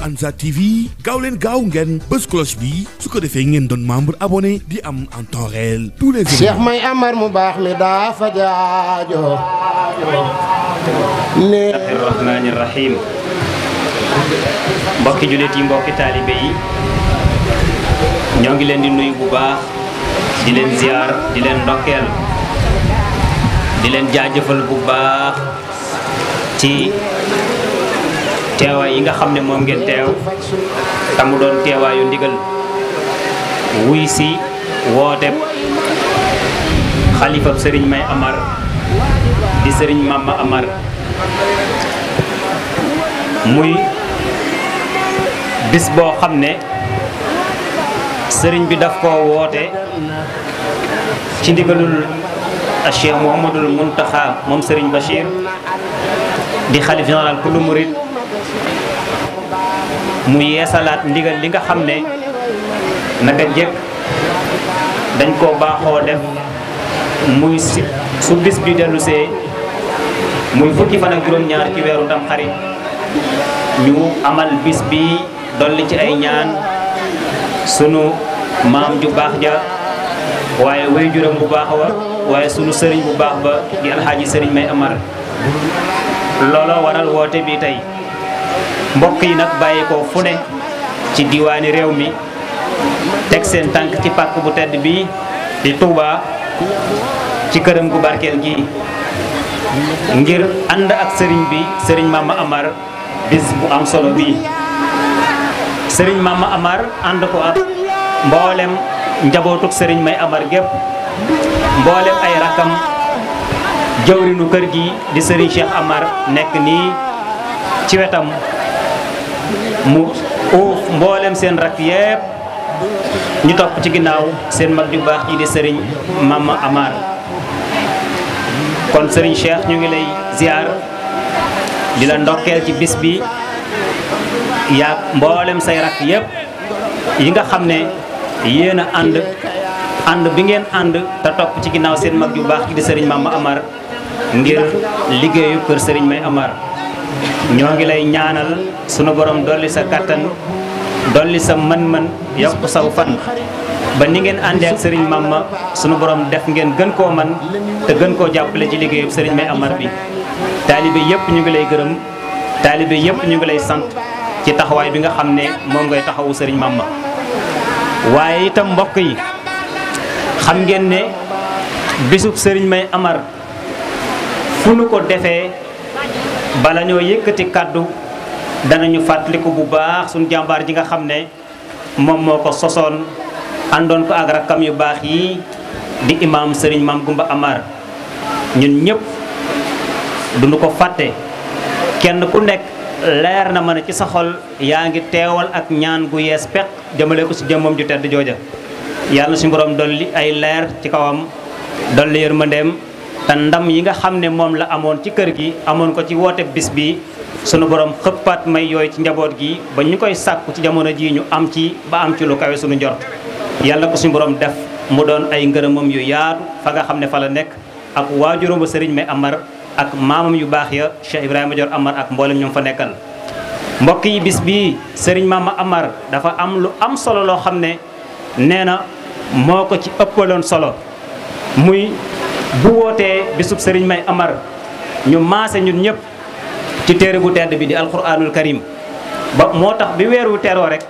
Ansar yi gaaw leen gaaw ngeen bés cloche bi su ko defee ngeen doon membre abonné di am en temps réel tous mu baax mi daa fa jaajo ne rahmaani mbokki taalibe yi ñoo ngi leen di nuyu bu baax di leen ziar di leen ndokkeel di leen jaajëfal bu baax ci teewaay yi nga xam ne moom ngeen teew tamu doon teewaayu ndigal wuy si woote xalifab sëriñ may amar di sëriñ mama amar muy bis boo xam ne sëriñ bi daf koo woote ci ndigalul Cheikh Mouhamadul Mountakha moom sëriñ Bachir di xalif général kullu murid mu yeesalaat ndigal li nga xam naka jëkk dañ ko baxo def muy su bis bi dellusee muy fukki fan ak ñaar ci wéru tam xarit ñu amal bis bi dolli ci ay ñaan sunu mam ju Wa ja way waajuram bu bax wa waye sunu serigne bu bax ba di alhaji serigne may amar lolo waral wote bi tay mbokk yi nag bàyyi ko fu ne ci diwaani réew mi teg seen tànk ci pàkk bu tedd bi di Touba ci këram gu barkeel gi ngir ànd ak sëriñ bi sëriñ Mama Amar bis bu am solo bii sëriñ Mama Amar ànd ko ak mboolem njabootuk sëriñ May Amar gépp mboolem ay rakam jëwrinu kër gi di sëriñ Cheikh Amar nekk nii ci wetam mu uuf mbollem sen rak yeb ñu top ci ginnaaw sen mag ju baax yi di Mama Amar kon serigne Cheikh ñu ngi lay ziar di la ndokkel ci bis bi ya mbollem say rak yeb yi nga xamne ne and and bi ngeen and ta top ci ginnaaw sen mag ju baax di Mama Amar ngir liggéeyu kër serigne May Amar ñoo ngi lay ñaanal sunu boroom dolli sa kàttan dolli sa man man yokk saw fan ba ni ngeen àndee ak sëriñ Mamma sunu boroom def ngeen gën koo man te gën koo jàppale ci liggéeyu sëriñ May Amar bi taalibe yëpp ñu ngi lay gërëm taalibe yëpp ñu ngi lay sant ci taxawaay bi nga xam ne moom ngay taxawu sëriñ Mamma waaye itam mbokk yi xam ngeen ne bisub sëriñ May Amar fu nu ko defee bala ñoo yëkkati kàddu danañu fàttaliku bu baax suñu jambar ji nga xamne mom moko soson andon ko ak yu baax yi di imam serigne mam Gumba Amar ñun ñëpp duñu ko faté kenn ku nekk leer na mëna ci sa xol yaa ak ñaan gu yes pek jëmele ko si jëmmam ju tedd jojja yalla suñu borom dolli ay leer ci kawam dolli yermandem te ndam yi nga xam ne moom la amoon ci kër gi amoon ko ci woote bis bi sunu borom xëppaat may yooy ci njaboot gi ba ñu koy sàkku ci jamono ji ñu am ci ba am ci lu kawe sunu njort yàlla ko suñu boroom def mu doon ay ngërëmam yu yaatu fa nga xam ne fa la nekk ak waajuram ba sëriñ may amar ak maamam yu baax ya Cheikh Ibrahima Dior amar ak mboolem ñoom fa nekkal mbokk yi bis bii sëriñ maama amar dafa am lu am solo loo xam ne nee na moo ko ci ëppaloon solo muy bu wootee bisub sëriñ May Amar ñu maase ñun ñëpp ci téere bu tedd bi di alquranul karim ba moo tax bi weer wu teroo rek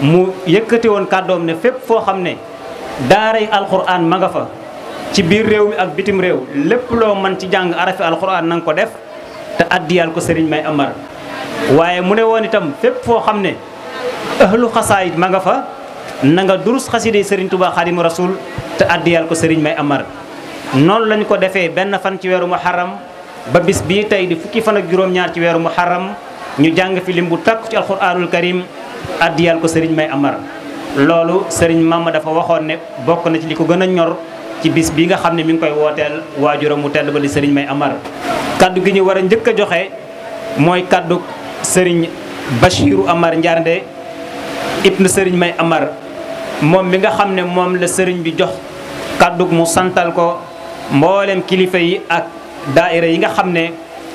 mu yëkkati woon kàddoom ne fépp foo xam ne daaray alquran ma nga fa ci biir réew mi ak bitim réew lépp loo mën ci jàng ara alquran na nga ko def te addiyal ko sëriñ May Amar waaye mu ne woon itam fépp foo xam ne xasaa xasaayit ma nga fa na nga durus xasida yi sëriñ Tuubaa Xaadimu Rasuul te addiyal ko sëriñ May Amar noonu lañ ko defee benn fan ci weeru xaram ba bis bi tey di fukki fan ak juróom-ñaar ci weeru xaram ñu jàng fi lim bu takku ci alxuraanul karim addiyal ko sëriñ May Amar loolu sëriñ ma dafa waxoon ne bokk na ci li ko gën a ñor ci bis bi nga xam ne mi ngi koy wooteel waajuram mu tedd ba di sëriñ May Amar kàddu gi ñu war a njëkk a joxe mooy kaddu sëriñ Bachiru Amar Ndiarndé na sëriñ May Amar moom mi nga xam ne moom la sëriñ bi jox kaddu mu santal ko. mboolem kilifa yi ak daaira yi nga xam ne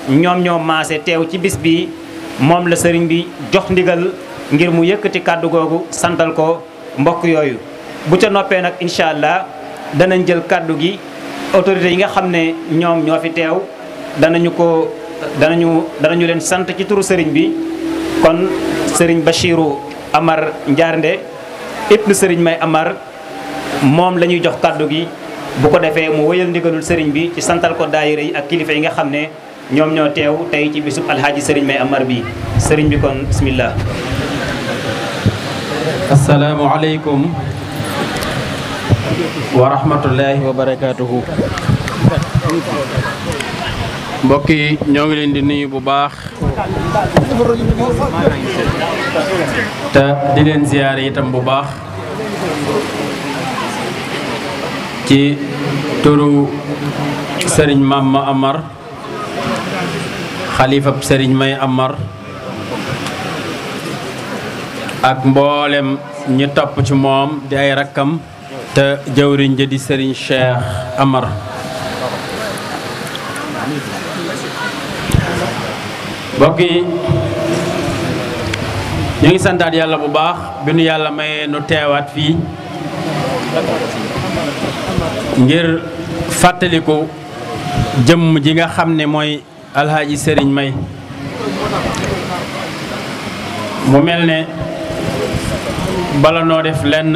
ñoom ñoo maase teew ci bis bi moom la sëriñ bi jox ndigal ngir mu yëkkati kàddu googu santal ko mbokk yooyu bu ca noppee nag incha allah danañ jël kàddu gi autorités yi nga xam ne ñoom ñoo fi teew danañu ko danañu danañu leen sant ci turu sëriñ bi kon sëriñ Bachiru Amar Njaarnde ibnu sëriñ May Amar moom la ñuy jox kàddu gi bu ko defee mu wëyal ndigalul sëriñ bi ci santal ko daayira yi ak kilifa yi nga xam ne ñoom ñoo teew tey ci bisub alxaaji sëriñ May Amar bi sëriñ bi kon bismillah asalaamu aleykum wa rahmatullahi yi ñoo ngi leen di nuyu bu baax te di leen ziyaare itam bu baax ci turu sering Mama Amar Khalifah sering May Amar ak mbollem ñu top ci mom di ay rakam te jawriñ je di serigne Cheikh Amar bokki ñi ñu ngi santaat yàlla bu baax binu yalla maye nu teewat fi ngir fàttaliku jëmm ji nga xam ni mooy alxaaji sëriñ may mu mel ne bala noo def lenn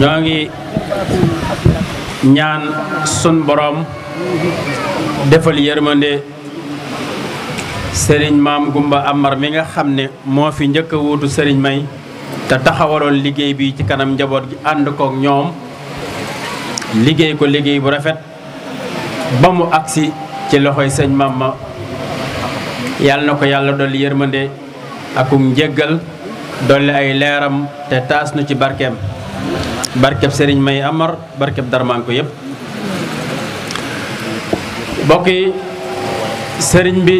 ñoo ngi ñaan sun boroom defal yërmande sëriñ maam gumba amar mi nga xam ne moo fi njëkk a sëriñ may te taxawaloon liggéey bi ci kanam njaboot gi ànd kook ñoom liggéey ko liggéey bu rafet ba mu agsi ci loxoy sëñ ma yàlla na ko yàlla dolli yërmande akum njéggal dolli ay leeram te taas nu ci barkeem barkeb sëriñ May Amar barkeb darmaan yépp mbokk sëriñ bi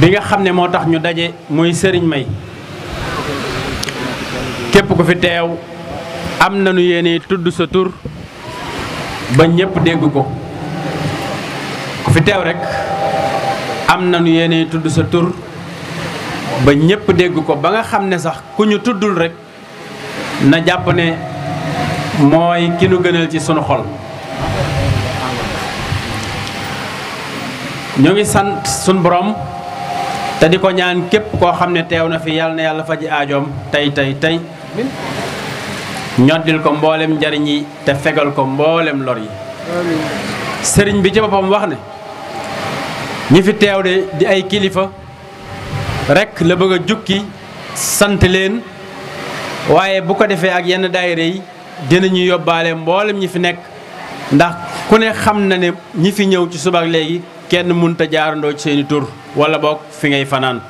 bi nga xam ne moo tax ñu daje muy sëriñ May képp ko fi am nañu yéene tuddu sa tour ba ñëpp dégg ko ku fi rek am nañu yéene tuddu sa tour ba ñëpp dégg ko ba nga xam ne sax ku ñu tuddul rek na jàpp ne mooy ki nu gënal ci sunu xol ñu ngi sant sunu borom te di ko ñaan képp koo xam ne teew na fi yàlla na yàlla faji aajoom tey tey tey ñoddil ko mboolem njariñ yi te fegal ko mboolem lor yi sëriñ bi ci boppam wax ne ñi fi teew de di ay kilifa rekk la bëgg a jukki sant leen waaye bu ko defee ak yenn daayira yi dinañu yóbbaale mboolem ñi fi nekk ndax ku ne xam na ne ñi fi ñëw ci suba léegi kenn munta jaarandoo ci seeni tur walla boog fi ngay fanaan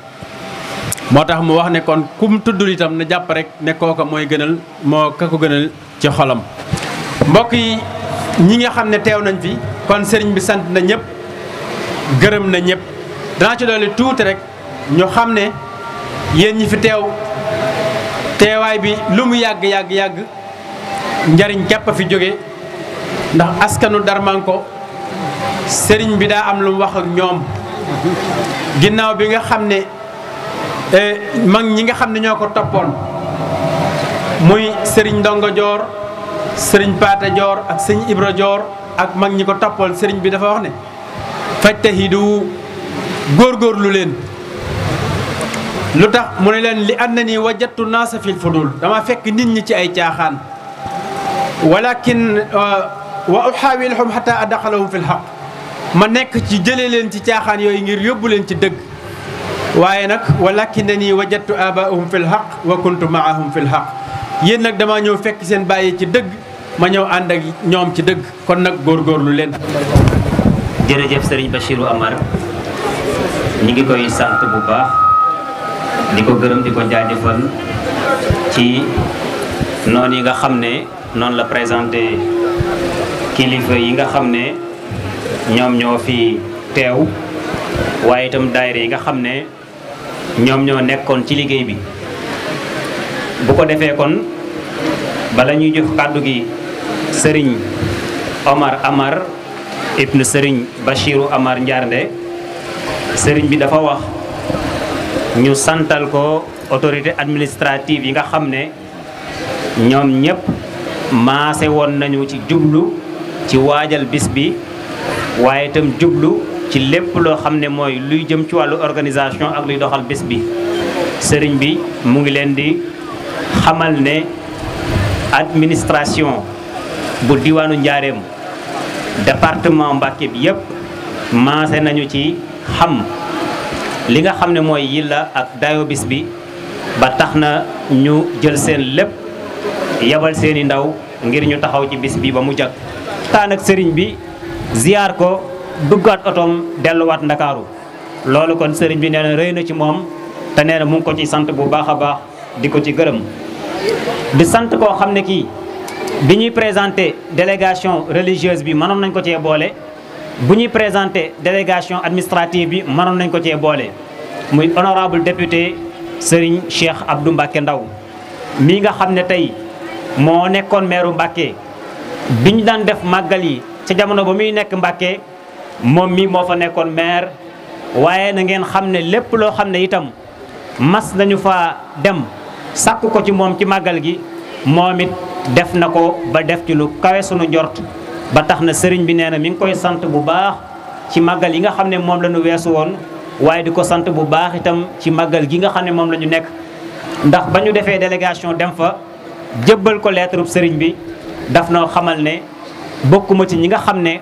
moo tax mu wax ne kon kum tuddul itam na jàpp rek nekkoo kooka mooy gënal moo ka ko gënal ci xolam mbokk yi ñi nga xam ne teew nañ fi kon sëriñ bi sant na ñëpp gërëm na ñëpp danaa ci doole tuuti rek ñu xam ne yéen ñi fi teew teewaay bi lu mu yàgg yàgg yàgg njariñ képp a fi jóge ndax askanu Darmanko sëriñ bi daa am lu mu wax ak ñoom ginnaaw bi nga xam ne mag ñi nga xam ne ñoo ko toppoon muy sëriñ Ndongo Joor sëriñ Paate Joor ak sëriñ Ibra Joor ak mag ñi ko toppoon sëriñ bi dafa wax ne fajtahidu góorgóorlu leen lu tax mu ne leen li ànd na ni wajattu naasa fil fudul dama fekk nit ñi ci ay caaxaan walakin wa uxaawilhum xata adaxalahum fil xaq ma nekk ci jëlee leen ci caaxaan yooyu ngir yóbbu leen ci dëgg waaye nag walakinani wajadtu abaahum fi lxaq wa kuntu maahum fi lxaq yéen nag damaa ñëw fekk seen bàyyi ci dëgg ma ñëw ànd ak ñoom ci dëgg kon nag góorgóorlu leen jërëjëf sëriñ Bachirou Amar ñi ngi koy sant bu baax di ko gërëm di ko jaajëfal ci noonu yi nga xam ne noonu la présenté kilifa yi nga xam ne ñoom ñoo fi teew waaye itam daayira yi nga xam ne ñoom ñoo nekkoon ci liggéey bi bu ko defee kon bala ñuy jox kàddu gi sëriñ Omar Amar ibn sëriñ Bachiru Amar Ndiarndé sëriñ bi dafa wax ñu santal ko autorité administrative yi nga xam ne ñoom ñëpp maase woon nañu ci jublu ci waajal bis bi waaye itam jublu ci lépp loo xam ne mooy luy jëm ci wàllu organisation ak luy doxal bés bi sëriñ bi mu ngi leen di xamal ne administration bu diwaanu njaareem département Mbàkke bi yépp maase nañu ci xam li nga xam ne mooy yilla ak dayo bis bi ba tax na ñu jël seen lépp yabal seeni ndaw ngir ñu taxaw ci bis bi ba mu jag taan ak sëriñ bi ziyaar ko duggaat otoom delluwaat ndakaaru loolu kon sëriñ bi nee na rëy na ci moom te nee na mu ko ci sant bu baax a baax di ko ci gërëm di sant koo xam ne kii bi ñuy présenté délégation religieuse bi mënoon nañ ko cee boole bu ñuy présenté délégation administrative bi mënoon nañ ko cee boole muy honorable député sëriñ Cheikh Abdou Mbacke Ndaw mii nga xam ne tey moo nekkoon meeru Mbacke bi ñu daan def màggal yi ca jamono ba muy nekk Mbacke moom mi moo fa nekkoon maire waaye na ngeen xam ne lépp loo xam ne itam mas nañu fa dem sàkk ko ci moom ci màggal gi moom it def na ko ba def ci lu kawe sunu njort ba tax na sëriñ bi nee na mi ngi koy sant bu baax ci màggal yi nga xam ne moom lañu weesu woon waaye di ko sant bu baax itam ci màggal gi nga xam ne moom lañu nekk ndax ba ñu defee délégation dem fa jébbal ko lettre sëriñ bi daf noo xamal ne bokkuma ci ñi nga xam ne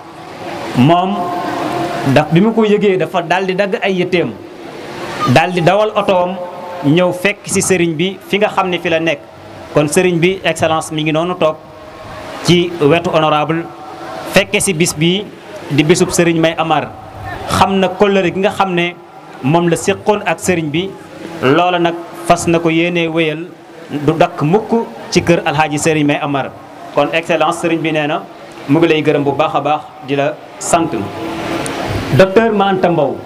moom daf bi mu ko yëgee dafa daal di dagg ay yëtteem daal di dawal otoom ñëw fekk ci sëriñ bi fi nga xam ne fi la nekk kon sëriñ bi excellence mi ngi noonu toog ci wetu honorable fekke ci bis bi di bisub sëriñ May Amar xam na kollëre gi nga xam ne moom la séqoon ak sëriñ bi loola nag fas na ko yéene wéyal du dakk mukk ci kër alxaaji sëriñ May Amar kon excellence sëriñ bi nee na mu ngi lay gërëm bu baaxa baax di la sant docteur Ma Anta Mbow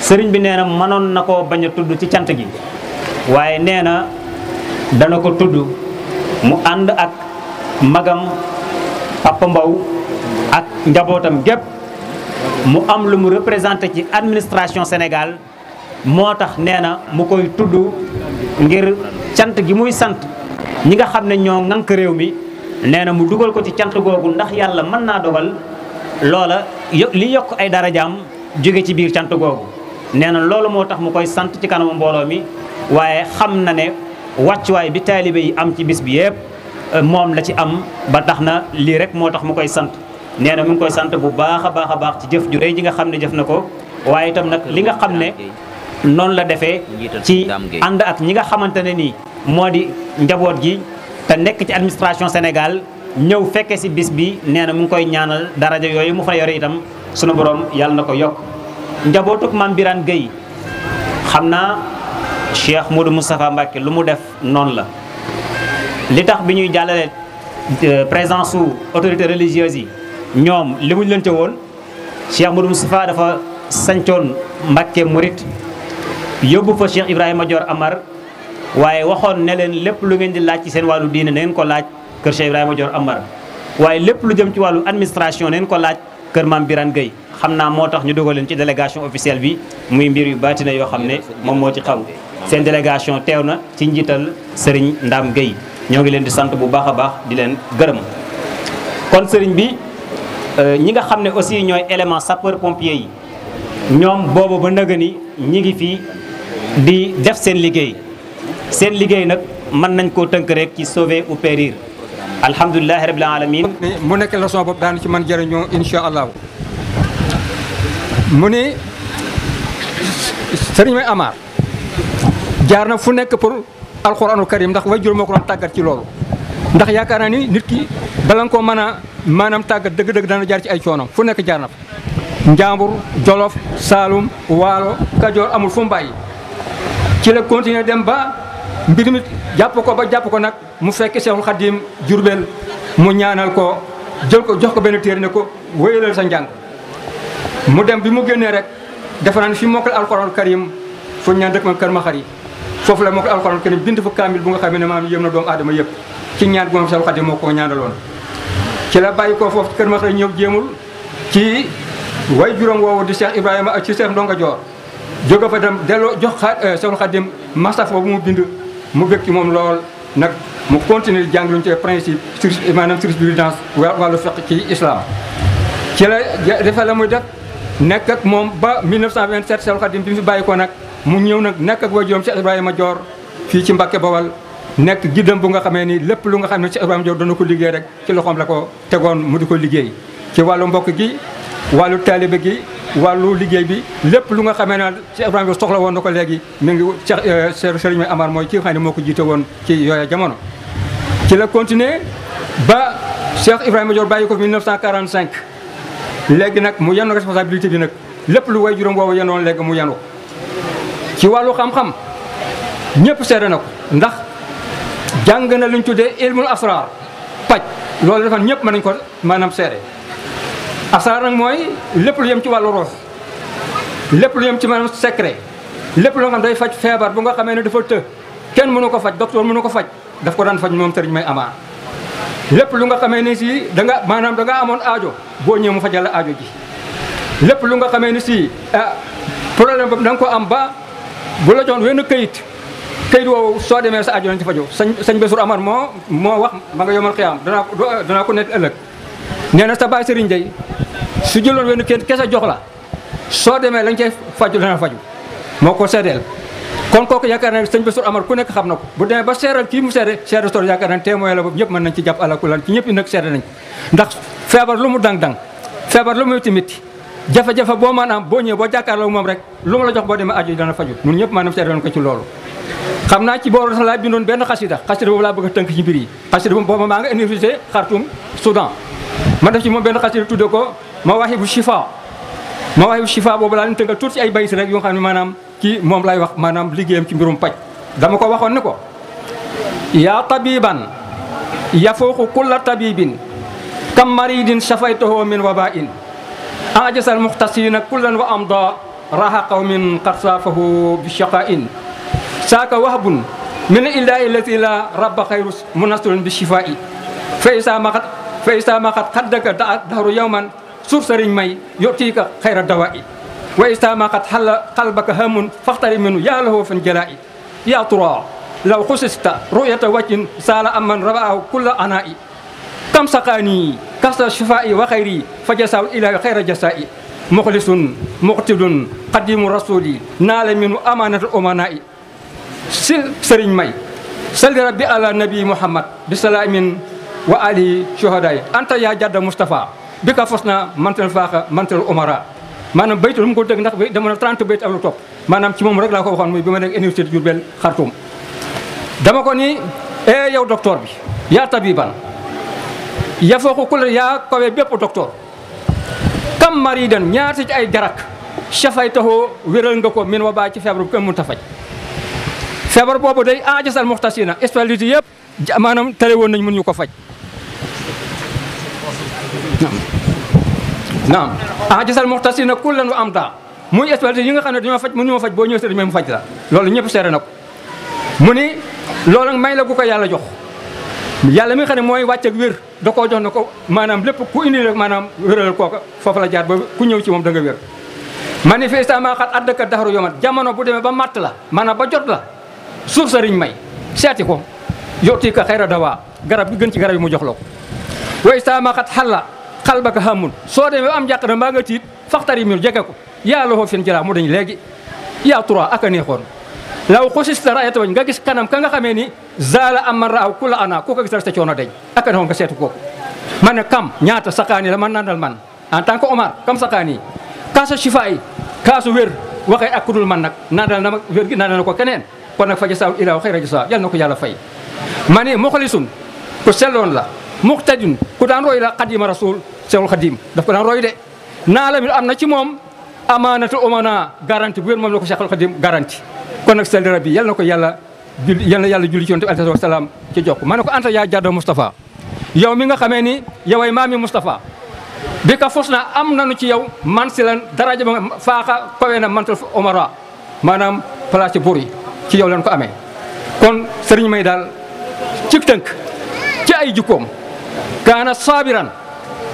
sëriñ bi nee manon nako baña tuddu ci gi dana ko mu anda ak magam Papa mbaw ak njabotam gep mu am lu mu représenter ci administration Sénégal motax tax mu koy tuddu ngir cant gi muy sant ñi nga xam ñoo réew mi nee na mu dugal ko ci cant googu ndax yàlla mën naa dogal loola li yokk ay dara jaam jóge ci biir cant googu nee na loolu moo tax mu koy sant ci kanamu mbooloo mi waaye xam na ne wàccuwaay bi taalibe yi am ci bis bi yëpp euh, moom la ci am ba tax na lii rek moo tax mu koy sant nee na koy sant bu baax a baax a baax ci jëf ju rëy ji nga xam ne jëf na ko waaye itam nag li nga xam ne noonu la defee ci ànd ak ñi nga xamante ne nii moo di njaboot gi te nekk ci administration Sénégal ñëw fekke si bis bi nee na mu ngi koy ñaanal daraja yooyu mu fa yore itam sunu borom yàlla na ko yokk njabootu maam Birane Gueye xam naa Cheikh Modou Moustapha Mbacke lu mu def noonu la li tax bi ñuy jàllale euh, présence su autorité religieuse yi ñoom li muñ leen ca woon Cheikh Modou Moustapha dafa sancoon Mbacke Murit yóbbu fa Cheikh Ibrahima Dior Amar waaye waxoon ne leen lépp lu ngeen di laaj ci seen wàllu diine na ngeen ko laaj kër Cheikh Ibrahima Dior Amar waaye lépp lu jëm ci wàllu administration na ngeen ko laaj kër maam Birane Gueye xam naa moo tax ñu dugal leen ci délégation officielle bi muy mbir yu baatina yoo xam ne moom moo ci xam seen délégation teew na ci njiital Serigne ndaam Gueye ñoo ngi leen di sant bu baax a baax di leen gërëm kon sëriñ bi euh, ñi nga xam ne aussi ñooy élément sapeur pompier yi ñoom boobu ba nëgë ni ñi ngi fii di def seen liggéey seen liggéey nag mën nañ koo tënk rek ci sauver ou périr alhamdulilahi rabil alamin mu nekk leçon boobu daanu ci man jëriñoo insha allahu mu ne sëriñ may amaar jaar na fu nekk pour alquranu karim ndax way jur moo ko doon tàggat ci loolu ndax yaakaar naa ni nit ki bala nga ko mën a maanaam tàggat dëgg-dëgg dana jaar ci ay coonoom fu nekk jaar na fa Njaambur Jolof Saalum Waalo Kajoor amul fu mu ci la continuer dem ba mbir jàpp ko ba jàpp ko nag mu fekk Seexul Xadim Jurbel mu ñaanal ko jël ko jox ko benn téere ne ko wéyalal sa njàng mu dem bi mu génnee rek dafa naan fi mokkal alxuraan karim fu ñaan dëkk ma kër ma xar yi foofu la mokkal alxuraan karim bind fa kaamil bu nga xam ne maam yëm na doomu aadama yëpp ci ñaan bu moom Seexul Xadim moo ko ñaanaloon ci la bàyyi ko foofu kër ma xar yi ñëw jéemul ci way juróom woowu di Cheikh Ibrahima ak ci Cheikh Ndonga Joor jóge fa mu bind mu bëgg ci moom lool nag mu continuer di jàng luñ ci principe sur maanaam jurisprudence wàllu fiqh ci islam ci la defee la muy def nekk ak moom ba 1927 Seexul Xadiim bi mu fi bàyyi ko nag mu ñëw nag nekk ak waajuram Cheikh Ibrahima joor fii ci Mbàkke Bawal nekk giddam bu nga xamee ni lépp lu nga xam ne Cheikh Ibrahima Dior doon na ko liggéey rek ci loxoom la ko tegoon mu di ko liggéey ci wàllu mbokk gi wàllu taalibe gi wàllu liggéey bi lépp lu nga xamee ne Cheikh Ibrahima soxla woon na ko léegi mi ngi euh, Cheikh Serigne Amar mooy ki nga xam moo ko jiite woon ci yooya jamono. ci la continuer ba Cheikh Ibrahima Dior bàyyi ko fi 1945 léegi nag mu yenn responsabilité bi nag lépp lu way juróom boobu yenoon léegi mu yenu ci wàllu xam-xam ñëpp seede na ko ndax jàng na lu ñu tuddee ilmul asrar paj loolu dafa ñëpp mën nañ ko maanaam seere asar nak moy lepp lu yem ci walu roos lepp lu yem ci manam secret lepp lo xam day fajj febar bu nga xamé ne dafa të kenn mënu ko fajj docteur mënu ko fajj daf ko dan fajj mom serigne may amaar lepp lu nga xamé ne si da nga manam da nga amone aajo bo ñew mu fajjal aajo ji lepp lu nga xamé ne si problème bam dang ko am ba bu la joon wenn keuyit keuyit wo so demee sa aajo ñu fajjo fajoo sañ Amar mo mo wax ma nga yomal qiyam dana dana ko net ëlëk nee na sa baay sëriñ day su jëloon wenn kenn kese jox la soo demee la nga cay faju dana faju moo ko seedeel kon kooku yaakaar naa ne sëñ Bassirou Amar ku nekk xam na ko bu demee ba seeral kii mu seede seede sor yaakaar naa témoin la boobu ñëpp mën nañ ci ñëpp i nag seede nañ ndax feebar lu mu dang-dang feebar lu mu timit jafe-jafe boo mën am boo ñëwee boo jàkkaarloo moom rek lu mu la jox boo demee aju dana faju ñun ñëpp maanaam seede nañ ko ci loolu xam naa ci boobu sax laa bindoon benn xasida xasida boobu laa bëgg a tënk ci mbir yi xasida boobu ma def ci moom benn xasida tudde ko Mawaahibu Shifa Shifa boobu laa leen tënkal tuuti ci ay bayit rek yoo xam ne maanaam ki moom lay wax maanaam liggéeyam ci mbirum paj dama ko waxoon ne ko yaa tabiban yafuuqu kulla tabibin kam maridin shafaytahu min wabain ajasal muxtasina kullan wa amda raha qawmin qad saafahu bi shaqain saaka wahbun min ilaahi allati la rabba xayru munasirun bi shifaa'i fa isa maqat fa ista maxat xaddaka daru yawman suur sëriñ may yotiika xayra dawa i wa ista maxat xalla xalbaka hamun faxtari minu yaa lahoo fan jala i yaa tura law xusista ruyata waccin saala amman rabaahu kulla ana i kam saqaani kasta shifaa i wa xayri fa jasaw ilaahi xayra jasa i muxlisun muxtidun xadimu rasuli naala minu amanatu omana i si sëriñ may salli rabbi ala nabi muhammad bisalamin وآله شهداء أنت يا جد مصطفى بك فصنا منتل فاخ منتل أمراء maanaam baytu lu mu ko dégg ndax dama ne 30 bayt ak lu topp maanaam ci moom rek laa ko waxoon muy bi ma nekk université de Diourbel Khartoum dama ko ni eh yow docteur bi yaa tabiban ya fooku kul yaa kawe bépp docteur kam mari den ñaata ci ay garak chafay taxoo wéral nga ko min wa baa ci feebar bu kenn mun ta faj feebar boobu day aajasal muxtasina spécialité yëpp maanaam tere woon nañ mun ñu ko faj naam naam na muxtasina kullan wa amta muy spécialité yi nga xam ne dañoo faj mënuñoo faj boo ñëw sëriñ may mu faj la loolu ñëpp seere na ko mu ni loolu may la gu ko yàlla jox yàlla mi nga xam ne mooy wàcc ak wér da koo jox na ko maanaam lépp ku indi rek maanaam wéralal kooka foofu la jaar ba ku ñëw ci moom da nga wér manifestement xat addaka daxaru yomat jamono bu demee ba matt la maanaam ba jot la suuf sëriñ may seeti ko yortii ka xayra dawaa garab gi gën ci garab yi mu jox la ko wa istaama xat xalla xal ba ko xamul soo demee am jàqare mbaa nga tiit faxtari min jege ko yaa loxoo fin jëraa mu dañ léegi yaa trois ak a neexoon law xusista raayata wañ nga gis kanam ka nga xamee ni zaala am man raaw ku la ana ku ko gis rek sa coono deñ ak a neexoon nga seetu kooku ma ne kam ñaata saqaani la man nandal man en tant que Omar kam saqaani kaasu shifa yi kaasu wér waxee ak kudul man nag nandal na wér gi nandal na ko keneen kon nag fa jasaaw ilaaw xayra jasaa ko yàlla fay ma la muxtadin ku daan roy la xadima rasul seexul xadim daf ko daan roy de naa la mi am na ci moom amaanatu omana garanti bu wér moom la ko seexul xadim garanti kon nag sali rabbi yal na ko yàlla julli yàlla julli ci yonent bi alayhi salaam ci jokk ma ne ko anta yaa jàddo yow mi nga xamee ni yow ay maami Moustapha bi ka fos na am nanu ci yow man si lan daraja ba nga faaxa kawe na mantal omara maanaam place ci buur ci yow lan ko amee kon sëriñ may daal ci tënk ci ay jikkoom kaana saabiran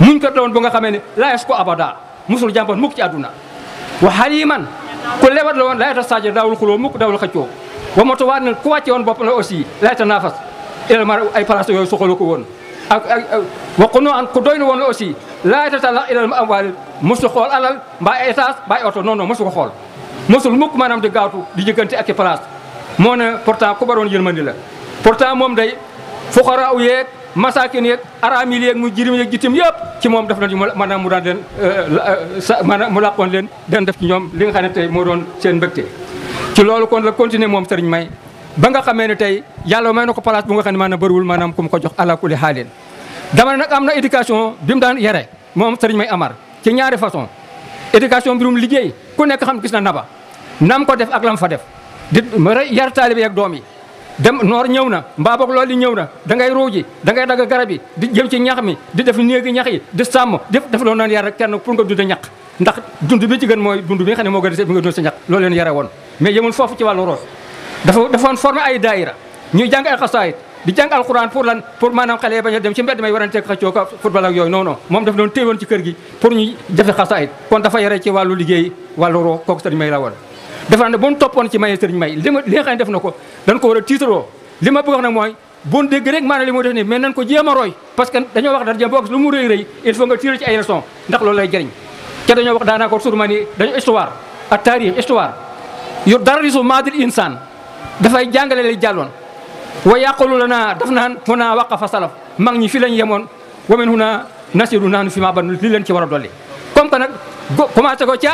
muñ ko doon bu nga xamee ne laayas ko abada musul jàmbat mukk ci àdduna wa xaliman ku lewat la woon laayata sadio daawul xuloo mukk daawul xëccoo wa moto waat ne ku wàcce woon bopp la aussi laayata naafas ilmar ay place yooyu soxalu ko woon ak ak wa ku noo an ku doy na woon la aussi laayata tala ilal ma am waale mosul xool alal mbaa ay étage mbaa ay oto non non mosul ko xool mosul mukk maanaam di gaawtu di jëggante ak i place moo ne pourtant ku baroon yërmandi la pourtant moom day fuqara u yeeg masaakin yeeg araamil yeeg mu jirim yeeg yëpp ci moom def na maanaam mu daan leen euh, euh, sa maanaam mu làqoon leen daan def ci ñoom li nga xam ne tey moo doon seen mbégte ci loolu koon la continuer moom sëriñ May ba nga xamee ne tey yàlla may na ko place bu nga xam ne maanaam bëriwul maanaam ku mu ko jox ala kulli xaalin dama ne nag am na éducation bi mu daan yare moom sëriñ May Amar ci ñaari façon éducation mbirum liggéey ku nekk xam gis na naba nam ko def ak lam fa def di yar taalibe yeeg doom yi dem noor ñëw na mbaa boog loolu li ñëw na da ngay ruuji da ngay dagg garab yi di jëm ci ñax mi di def néegi ñax yi di sàmm def def loolu noonu yar kenn pour nga dund ñaq ndax dund bi ci gën mooy dund bi xam ne moo a bi nga dund sa ñaq loolu leen yare woon mais yemul foofu ci wàllu root dafa dafoon formé ay daayira ñuy jàng ay xasaayit di jàng alxuraan pour lan pour maanaam xale bañ a dem ci mbedd may warante ak xëccoo ko football ak yooyu non non moom daf doon téewoon ci kër gi pour ñu jafe xasaayit kon dafa yare ci wàllu liggéey wàllu roo kooku may la woon dafa ne bon topone ci maye serigne may lima li nga xam def nako dan ko wara a lima bëgg nak moy bon deg rek man def ni mais nan ko jema roy parce que dañu wax dara jéem lu mu reuy reuy il faut nga tirer ci ay leçon ndax loolu lay jëriñ ca dañu wax daanaa ko surma ni dañu histoire ak taarix histoire yu darisu insan da fay jangale lay jallon wa yaqulu lana dafnan funa huna waqafa salaf mag ñi fi lañ yemon wa min huna nasiru fi ma ban li leen ci wara dolli comme que nag commencé ko ci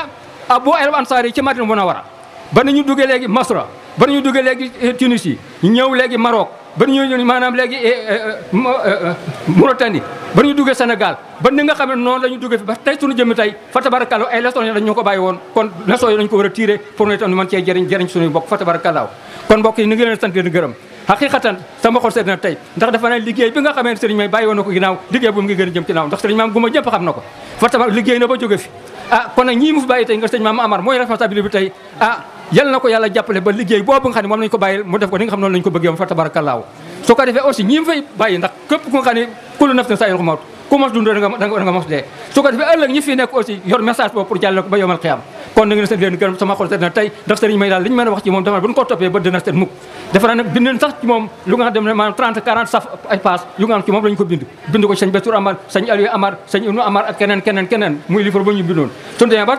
abu ayub ansari ci madina munawara ba nañu duggee léegi Masra ba nañu duggee léegi eh, Tunisie ñëw léegi Maroc ba nañu maanaam eh, eh, duggee Sénégal ba ni nga xam ne noonu la ñu duggee fi ba tey suñu jëmmi tey fa tabarakallaaw ay leçon yi dañ ñu ko bàyyi woon kon leçon a tirer pour ne tam mën cee jëriñ jëriñ suñu bokk fa tabarakallaaw kon ngi leen sant leen gërëm xaqiqatan sama xol seet na tey ndax dafa ne liggéey bi nga xamee ne sëriñ may woon na liggéey bu mu ngi gën a jëm ginnaaw ndax sëriñ maam guma jëpp xam na ko liggéey na ba jóge fi ah kon yal na ko yàlla jàppale ba liggéey boobu nga xam ne moom lañ ko bàyyi mu def ko ni nga xam noonu lañ ko bëggee mu fa tabarakallaahu su ko defee aussi ñi mu bàyyi ndax képp ku nga xam ne kullu nafsin saa yoon ko ku mos dund danga danga dee su ko defee ëllëg ñi fi nekk aussi yor message boobu pour jàllale ko ba yomal xiyam kon na seen leen gërëm sama xol seet na tey ndax sëriñ may daal li wax ci moom dafa ba dina seet mukk dafa naa nag sax ci moom lu nga xam dem ne maanaam 30 40 saf paas yu nga xam ci moom la ñu ko bind bind ko sëñ Bassirou Amar sëñ Aliou Amar sëñ Ibnou Amar ak keneen muy livre ba ñu bindoon suñu demee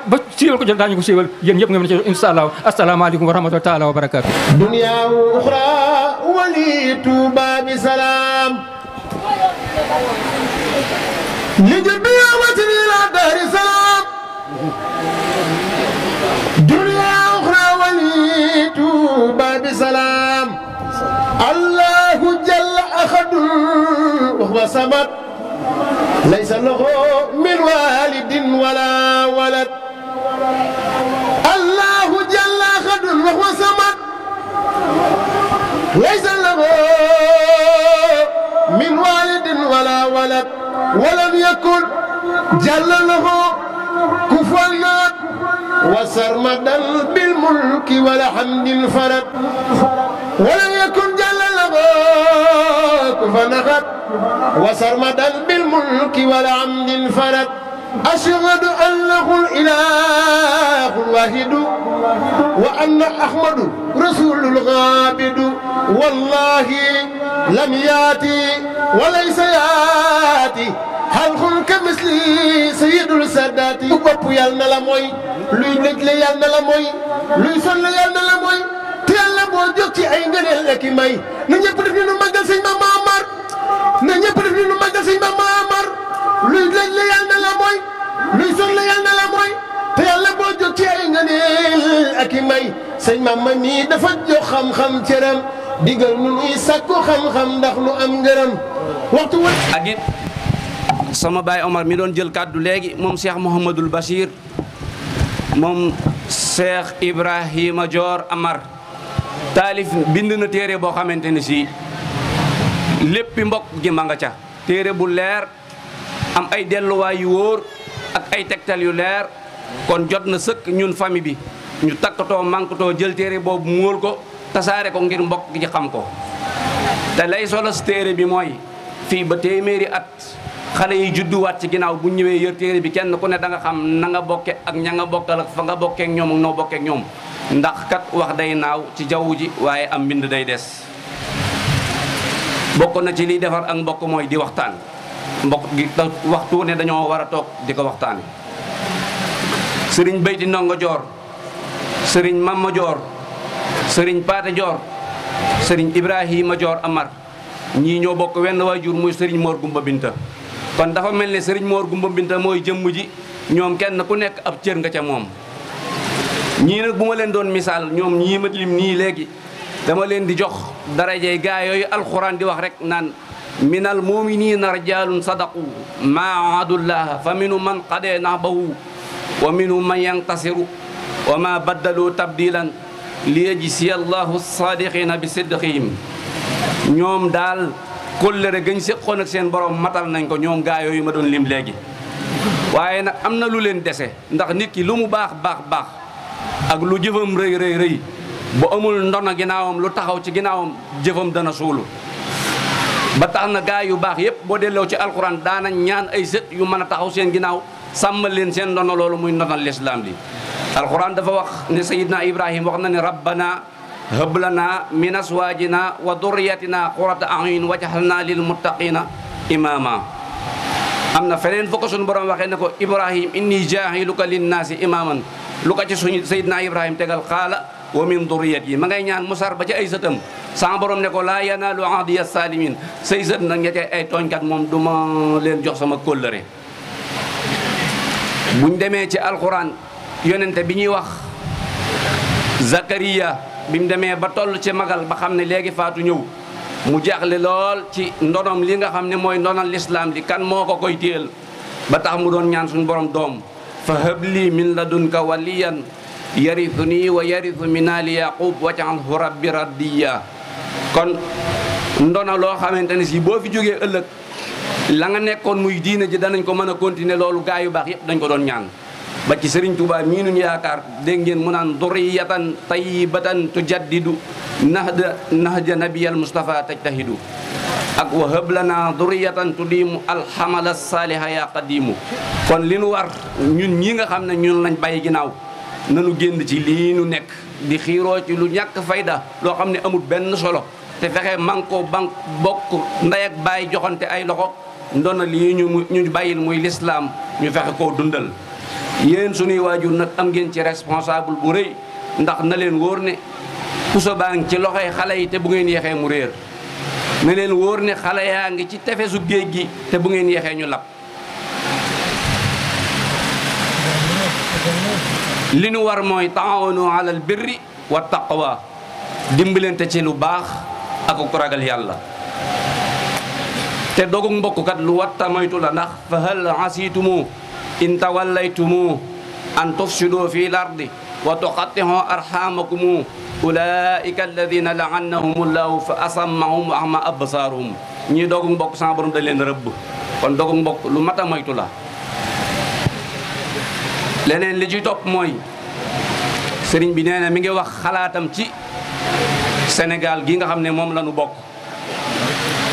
wa إلى دار دنيا أخرى باب الله جل أخد وهو ليس له من والد ولا ولد الله جل أخد وهو سمد ليس له من والد ولا ولد ولم يكن جل له كفوا وسرمدا بالملك والحمد الفرد ولم يكن جل له كفوا وسرمدا بالملك والحمد الفرد أشهد أنه الإله الواحد وأن أحمد رسول الغابد والله لم ياتي وليس ياتي xalxul ka misli sayyidul saddaati bu bopp yàlla na la mooy luy dëjle yàlla na la mooy luy sonn yàlla na la mooy te yàlla boo jóg ci ay ngëneel ak i may na ñëpp def nu màggal sëñ Mame Amar na ñëpp def nu màggal sëñ Mame Amar luy lëj la yàlla la mooy luy sën la yàlla la mooy te yàlla boo jóg ci ay nga neel ak i may sëñ Mame mii dafa jox xam-xam cëram digal nu nuy sàkku xam-xam ndax nu am ngërëm waxtu wa ak sama baay Omar mi doon jël kàddu léegi moom Cheikh Mouhamadul Bachir moom Cheikh Ibrahima Dior Amar taalif bind na téere boo xamante ne si léppi mbokk gi nga ca téere bu leer am ay delluwaay yu wóor ak ay tegtal yu leer kon jot na sëkk ñun famille bi ñu takkatoo mànkatoo jël téere boobu muul ko tasaare ko ngir mbokk gi xam ko te lay solos téere bi mooy fii ba téeméeri at xale yi judduwaat ci ginnaaw bu ñëwee yër téere bi kenn ku ne danga nga xam na bokke ak ña nga bokkal ak fa nga bokkee ñoom ak noo bokkee ñoom ndax kat wax day naaw ci jaww ji waaye am mbind day des bokk na ci liy defar ak mbokk mooy di waxtaan mbok gi waxtu ne dañu wara tok diko di serigne beydi sëriñ bayti ndongo jor sering mamma jor serigne paate jor serigne ibrahima jor amar ñi ñoo bok wenn wajur muy serigne mor gumba binta kon dafa melni serigne mor gumba binta moy jëm ji ñom kenn ku nekk ab cër nga ca moom ñi nak buma len leen doon misaal ñoom ma lim dama len di jox darajey gaay yoy alquran di wax rek nan min almuminina rijalun sadaqu ma ahadullaha fa minhum man qadee nahbahu wa minhum man yantasiru wa ma baddalu tabdilan liyajziya allahu sadiqina bi sidqihim ñoom daal kóllëre gëñ séqoon ak seen borom matal nañ ko ñoom gaa yooyu ma doon lim léegi waaye nag am na lu leen dese ndax nit ki lu mu baax baax baax ak lu jëfam rëy rëy rëy bu amul ndono ginnaawam lu taxaw ci ginnaawam jëfam dana suulu ba tax na gaay yu baax yépp boo delloo ci alxuraan daana ñaan ay sët yu mën a taxaw seen ginnaaw sàmmal leen seen ndono loolu muy ndonal lislaam li alxuraan dafa wax ne sayidna ibrahim wax na ne rabbana hëblana min aswaajina wa durriyatina qurata ayun wajaxalna lil muttaqina imama am na feneen fokk suñu borom waxee ne ko ibrahim inni jaahiluka linnaasi imaman lu ko ci suñu sayidna ibrahim tegal xaala wa min duriyat yi ma ngay ñaan musar ba ci ay sëtam sama borom ne ko laa yanaalu ahdiya saalimin say sët nag na ca ay tooñkat moom du ma leen jox sama kóllëre buñ demee ci alquran yonente bi ñuy wax zakariya bi mu demee ba toll ci magal ba xam ne léegi faatu ñëw mu jaaxle lool ci ndonom li nga xam ne mooy ndonal lislaam li kan moo ko koy téel ba tax mu doon ñaan suñu borom doom fa hëb lii min ladunka waliyan yarithuni wa yarithu min ali yaqub waj'alhu rabbi radiya kon ndona lo xamanteni ne si boo fi joge euleuk la nga nekkon muy diina ji danañ ko meuna continuer lolou gaay yu bax yeb dañ ko don ñaan ba ci Serigne Touba mi nuñ yaakar de ngeen mu naan duriyatan tayyibatan tujaddidu nahda nahja nabiyal mustafa tajtahidu ak wa hab lana duriyatan tudimu alhamala salihaya ya qadimu kon liñu war ñun ñi nga xamne ñun lañ ginaaw nanu génn ci lii ñu nekk di xiiroo ci lu ñàkk fayda loo xam ne amut benn solo te fexe manko bank bokk ndey ak joxante ay loxo ndona lii ñu ñu bàyyil muy lislaam ñu fexe ko dundal yéen sunuy waajur nag am ngeen ci responsaabul bu rëy ndax na leen wóor ne puso baa ngi ci loxo yi xale yi te bu ngeen yeexee mu réer na leen wóor ne xale yaa ngi ci tefesu géej gi te bu ngeen yeexee ñu lab li nu war mooy taawanu wa taqwa dimbalante ci lu baax ak ku te dogug mbokkat lu watta moytu la ndax fa hal asitumu in tawallaytumu an tufsidu fi lardi wa tuqatti'u arhamakum ulaika alladina fa asammahum wa ahma absaruhum ñii dogug mbokk sa borom da leen kon dogug mbokk lu mata moytu la leneen li ci topp mooy sëriñ bi nee mi ngi wax xalaatam ci Sénégal gii nga xam ne moom la ñu bokk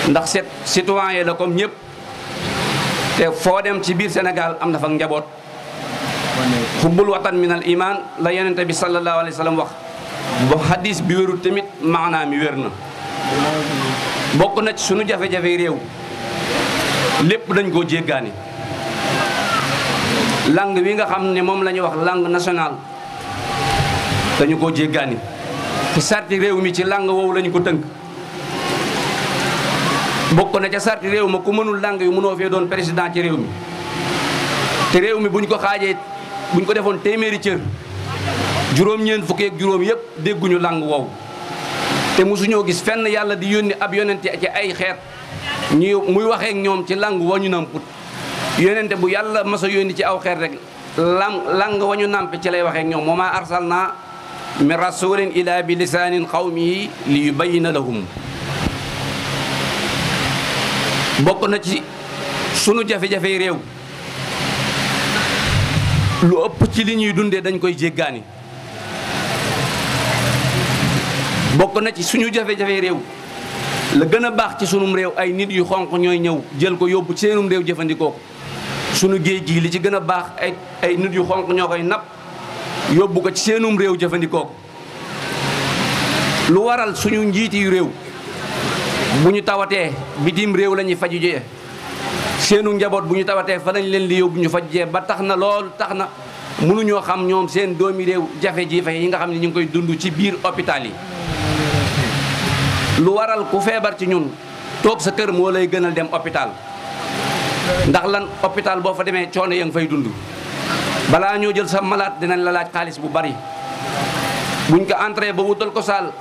ndax set citoyen la comme ñépp te foo dem ci biir Sénégal am na njaboot xubbul watan min al iman la yenente bi sallallahu alayhi wa wax ba hadis bi wérul tamit maanaam mi wér na bokk na ci sunu jafe-jafe réew lépp dañ koo jéggaani langue wi nga xam ne moom la wax langue nationale dañu koo jéggaani te sarti réew mi ci langue woowu lañu ko tënk bokk na ca sarti réew ma ku mënul làng yu mënoo fee doon président ci réew mi te réew mi buñ ko xaajee buñ ko defoon téeméeri cër juróom-ñeent fukki juróom yépp dégguñu langue woowu te mosuñoo gis fenn yàlla di yónni ab yonente ci ay xeet ñuy muy waxee ak ñoom ci langue wañu namput yónente bu yàlla mas a yónni ci aw xeet rek lam lang wañu nampe ci lay waxee ak ñoom moomaa arsalna min rasulin ila bi lisaanin qawmihi li yubayyina lahum bokk na ci sunu jafe réew lu ëpp ci li ñuy dundee dañ koy jéggaani bokk na ci suñu jafe-jafe réew la gën a baax ci sunum réew ay nit yu xonq ñooy ñëw jël ko yóbbu ci seenum réew jëfandikoo ko sunu géej gi li ci gën a baax ay ay nit yu xonq ñoo koy napp yóbbu ko ci seenum réew jëfandikoo lu waral suñu njiiti yu réew bu ñu tawatee bitim réew la ñuy faju jee seenu njaboot bu ñu tawatee fa lañ leen di yóbbu ñu faj jee ba tax na loolu tax na mënuñoo xam ñoom seen doomi réew jafe ji fa yi nga xam ne ñu ngi koy dund ci biir hôpital yi lu waral ku feebar ci ñun toog sa kër moo lay gënal dem hôpital ndax lan hôpital bo fa démé coono yang fay dundu bala ñu jël sa malade dinañ la laaj xaliss bu bari buñ ko entrer ba wutal ko sal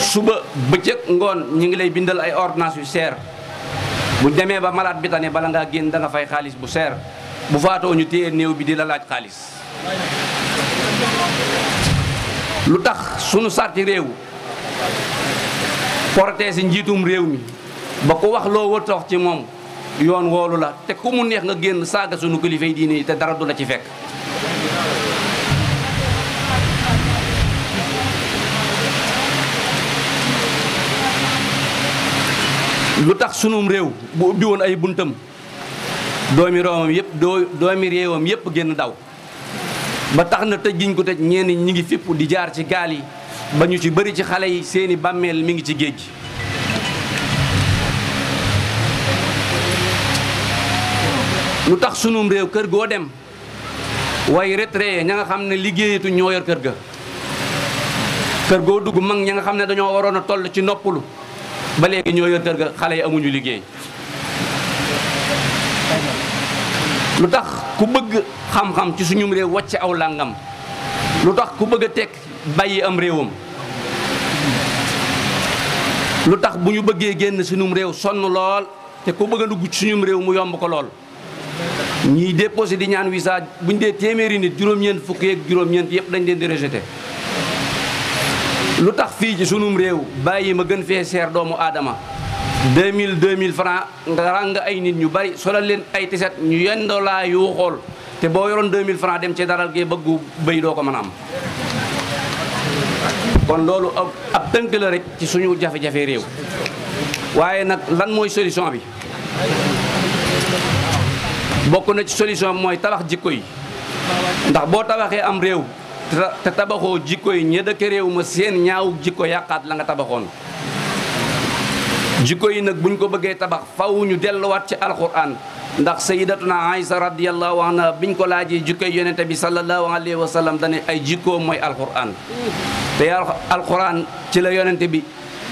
suba beccëk ngon ñi ngi lay bindal ay ordonnance yu bu démé ba malade bi tane bala nga génn da nga fay xaliss bu seer bu faato ñu téye néw bi di la laaj xaalis lu tax sarti réew porté ci njitum réew mi ba wax lo wotox ci mom yoon woolu la te ku mu neex nga génn saaga sunu kilifa yi diine yi te dara du la ci fekk lu tax sunum réew bu ubbi woon ay buntam doomi réewam yëpp doomi réewam yëpp génn daw ba tax na tëj giñ ko tëj ñenn ñi ngi fipp di jaar ci gaal yi ba ñu ci bari ci xale yi seeni bàmmeel mi ngi ci géej gi lu tax sunum réew kër goo dem waaye retraité ña nga xam ne liggéeyatuñ ñoo yor kër ga kër goo dugg mag ña nga xam ne dañoo waroon a toll ci noppalu ba léegi ñoo yor kër ga xale yi amuñu liggéey lu tax ku bëgg xam-xam ci suñum réew wacce aw làngam lu tax ku bëgg a tekk bàyyi am réewam lu tax bu ñu bëggee génn suñum réew sonn lool te ku bëgg a dugg ci suñum réew mu yomb ko lool ñiy déposé di ñaan bu buñ dee téeméeri nit juróom-ñeent fukki ak juróom-ñeent yëpp dañ leen di rejeté lu tax fii ci sunum réew bàyyi ma gën fee seer doomu aadama 2000 2000 francs nga ràng ay nit ñu bari solal leen ay tiset ñu yendoo laa yu xool te boo yoroon 2000 francs dem ci daral gee bëggu béy doo ko mën a am kon loolu ab tënk la rek ci suñu jafe-jafe réew waaye nag lan mooy solution bi bokk na ci solution mooy tabax jikko yi ndax boo tabaxee am réew te tabaxoo jikko yi ña dëkk réew ma seen ñaaw jikko yàqaat la nga tabaxoon jikko yi nag buñ ko bëggee tabax faw ñu delluwaat ci alquran ndax naa sayidatuna Aïsa radiyallahu anha biñ ko laajee jikkoy yonente bi sallallahu alayhi wa sallam dane ay jikkoo mooy alquran te alquran ci la yonente bi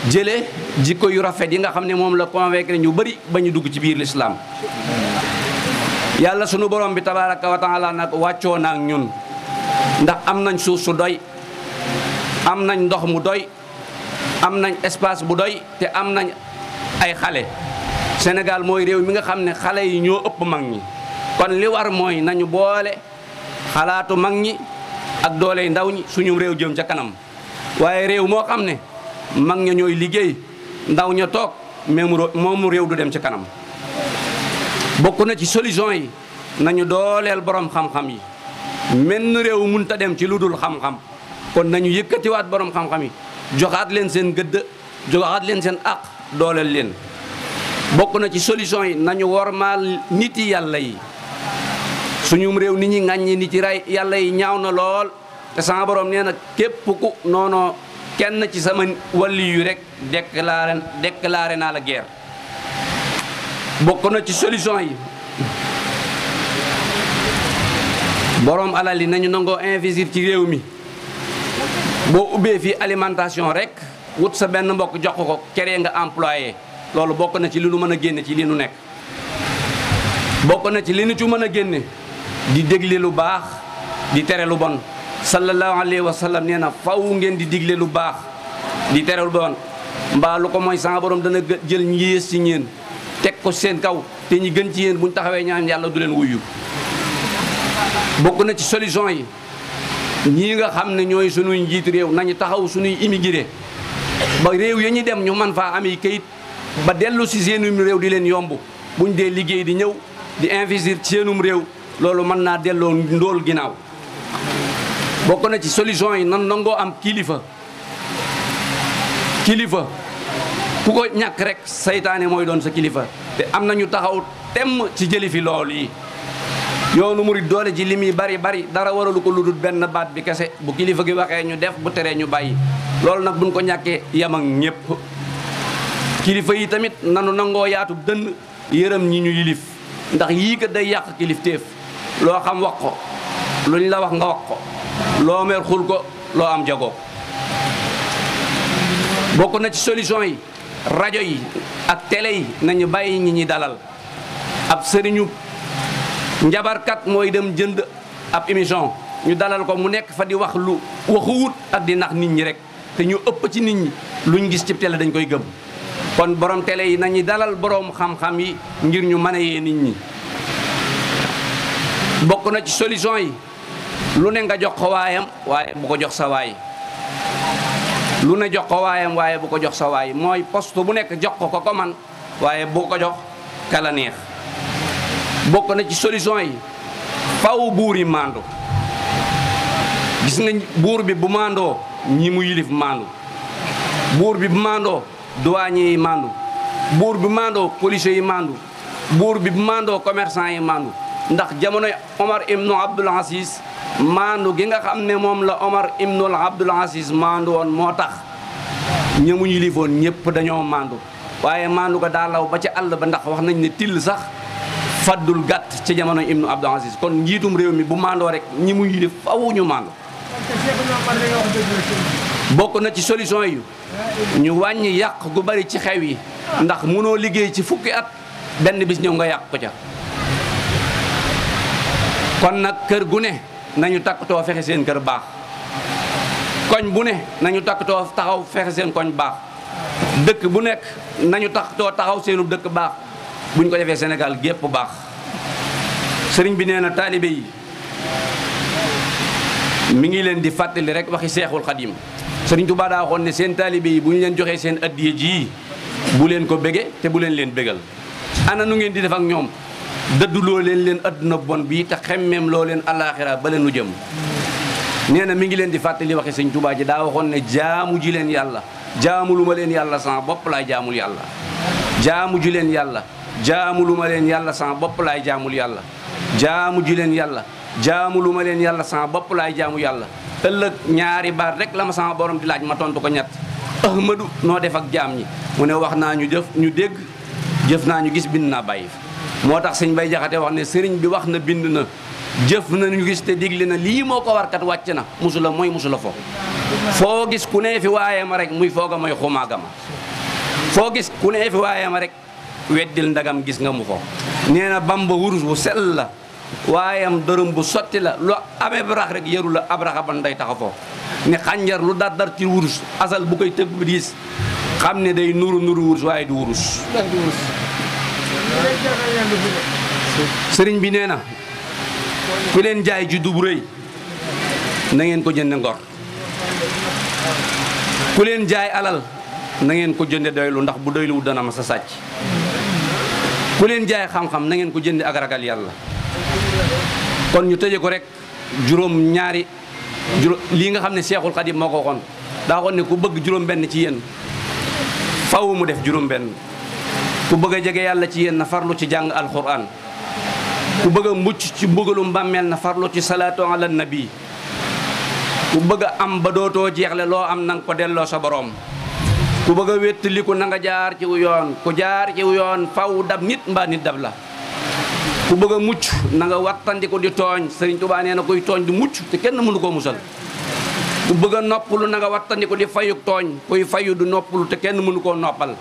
jële jikko yu rafet yi nga xam ne moom la convaincre ñu bari ba ñu dugg ci biir l'islam yàlla suñu borom bi tabaraka wa taala nag wàccoo naak ñun ndax am nañ suuf su doy am nañ ndox mu doy am nañ espace bu doy te am nañ ay xale Sénégal mooy réew mi nga xam ne xale yi ñoo ëpp mag ñi kon li war mooy nañu boole xalaatu mag ñi ak doole ndaw ñi suñu réew jëm ca kanam waaye réew moo xam ne mag ña ñooy liggéey ndaw ña toog moom moomu réew du dem ci kanam bokku na ci solution yi nañu dolel borom xam-xam yi menn réew munta dem ci luddul xam-xam kon nañu yëkkatiwaat borom xam-xam yi joxaat leen seen gëdd joxaat leen seen aq dolel leen bokku na ci solution yi nañu wormal nit yi yalla yi suñu rew nit ñi ŋàññi nit yi ray yalla yi ñaawna na lool te sa borom neena kep ku nono kenn ci sama wali yu rek déclarer déclarer na la guerre bokkuna na ci solution yi borom alal yi nañu nango invisible ci rew mi bo ubbee fi alimentation rek wut sa ben mbokk jox ko kéré nga employé loolu bokkuna na ci li nu mën a ci li nu nek bokkuna ci li nu ci mëna génné di déglé lu bax di téré lu bon sallallahu alaihi wa neena nee ngeen di digle lu bax di téré lu bon mbaa lu ko moy sa borom dana jël ñi ñeen teg ko seen kaw te ñi gën ci yéen bu ñu taxawee ñaan yàlla du leen wuyu bokk na ci solison yi ñii nga xam ne ñooy sunuy njiit réew nañu taxaw sunuy immigré ba réew ya ñu dem ñu man faa amee kayit ba dellu si seenum réew di leen yomb buñ dee liggéey di ñëw di investir ci seenum réew loolu mën naa delloo ndóol ginnaaw bokk na ci solution yi nan nangoo am kilifa kilifa ku ko ñàkk rek seytaane mooy doon sa kilifa te am na ñu taxaw temm ci jëli fi lool yi yoonu murid doole ji li muy bari bari dara waralu ko lu benn baat bi kese bu kilifa gi waxee ñu def bu teree ñu bàyyi loolu nag buñ ko ñàkkee yam ak ñépp kilifa yi tamit nanu nangoo yaatu dënn yërëm ñi ñu yilif ndax yii kat day yàq kilifteef loo xam wax ko luñ la wax nga wax ko loo mer xul ko loo am jagoo bokk na ci solution yi rajo yi ak télé yi nañu bàyyi ñi ñi dalal ab sëriñu njabarkat mooy dem jënd ab émission ñu dalal ko mu nekk fa di wax lu waxuwut ak di nax nit ñi rek te ñu ëpp ci nit ñi luñ gis ci télé dañ koy gëm kon borom télé yi nañu dalal borom xam-xam yi ngir ñu mën a yee nit ñi bokk na ci solution yi lu ne nga jox ko waayam waaye bu ko jox sa waay lu ne jox ko waayam waaye bu ko jox sa waay mooy poste bu nekk jox ko ko ko waaye bu ko jox kala neex bokk na ci solution yi faw buur yi maandu gis nga buur bi bu màndoo ñi mu yilif maandu buur bi bu maandoo douanier yi maandu buur bi màndoo policier yi maandu buur bi bu màndoo commerçant yi maandu ndax jamonoy Omar ibnu Abdul Aziz mandu gi nga xamne ne la omar ibnu abdul aziz mandu won motax ñamu ñu livon ñepp dañoo mandu waye mandu ga dalaw ba ci all ba ndax wax nañ ne til sax fadul gat ci jamono ibnu abdul aziz kon njitum rew mi bu mando rek ñi mu yilif fawu ñu maandu bokku na ci solution yu ñu wañi yaq gu bari ci xew yi ndax mëno liggéey ci fukki at benn bis ñëw nga yaq ko ca kon nak kër gu ne nañu takktoo fexe seen kër baax koñ bu ne nañu takktoo taxaw fexe seen koñ baax dëkk bu nekk nañu takktoo taxaw seenu dëkk baax buñ ko defee Sénégal gépp baax sëriñ bi nee na taalibe yi mi ngi leen di fàttali rek waxi seexul xadim sëriñ Tuubaa daa waxoon ne seen taalibe yi bu ñu leen joxee seen addiye ji bu leen ko bége te bu leen leen bégal ana nu ngeen di def ak ñoom dëdduloo leen leen adduna bon bii te xemmeem loo leen alaaxira ba leenu jëm nee na mi ngi leen di fàttali waxe sëñ Tuubaa ji daa waxoon ne jaamu ji leen yàlla jaamulu ma leen yàlla sama bopp laay jaamul yàlla jaamu ji leen yàlla jaamulu ma leen yàlla sama bopp laay jaamul yàlla jaamu ji leen yàlla jaamulu ma leen yàlla sama bopp laay jaamu yàlla ëllëg ñaari baat rek la ma sama borom di laaj ma tontu ko ñett ahmadu noo def ak jaam ñi mu ne wax naa ñu jëf ñu dégg jëf naa ñu gis bind naa bàyyi moo tax sëñ bay jaxate wax ne sëriñ bi wax na bind na jëf na nu gis te digle na lii moo ko warkat wàcc na musula mooy musula fo foo gis ku nee fi waaye ma rek muy fooga mooy xumaaga ma gis ku nee fi waaye ma rek weddil ndagam gis nga mu fo nee na bamba wurus bu sell la waayam dërëm bu sotti la lu amee brax rek yaru la abraxa ban day taxa fo ne xànjar lu dar dar ci wurus asal bu koy tëgg bi diis xam ne day nuru nuru wurus waaye du wurus sëriñ bi nee na ku leen jaay juddu bu rëy na ngeen ko jënde ngor ku leen jaay alal na ngeen ko jënde doylu ndax bu doyluwu dana ma sa sàcc ku leen jaay xam-xam na ngeen ko jënde ak ragal yàlla kon ñu tëje ko rek juróom ñaari juróom lii nga xam ne Seexul Xadiim moo ko waxoon daa waxoon ne ku bëgg juróom benn ci yéen fawu mu def juróom benn ku bëgg jëgë yalla ci yeen na farlu ci jang alquran ku bëgg mucc ci mbugalum mbammel na farlu ci salatu ala nabi ku bëgg am ba doto jeexle lo am nang ko dello sa borom ku bëgg a wéttaliku na nga jaar ci wu yoon ku jaar ci wu yoon faw dab nit mba nit dab la ku bëgg mucc na nga ko di togn serigne touba neena na togn du mucc te kenn mënu ko musal ku bëgg a na nga di fayuk togn koy fayu du noppalu te kenn mënu ko noppal